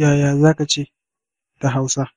Yaya za ka ce da Hausa?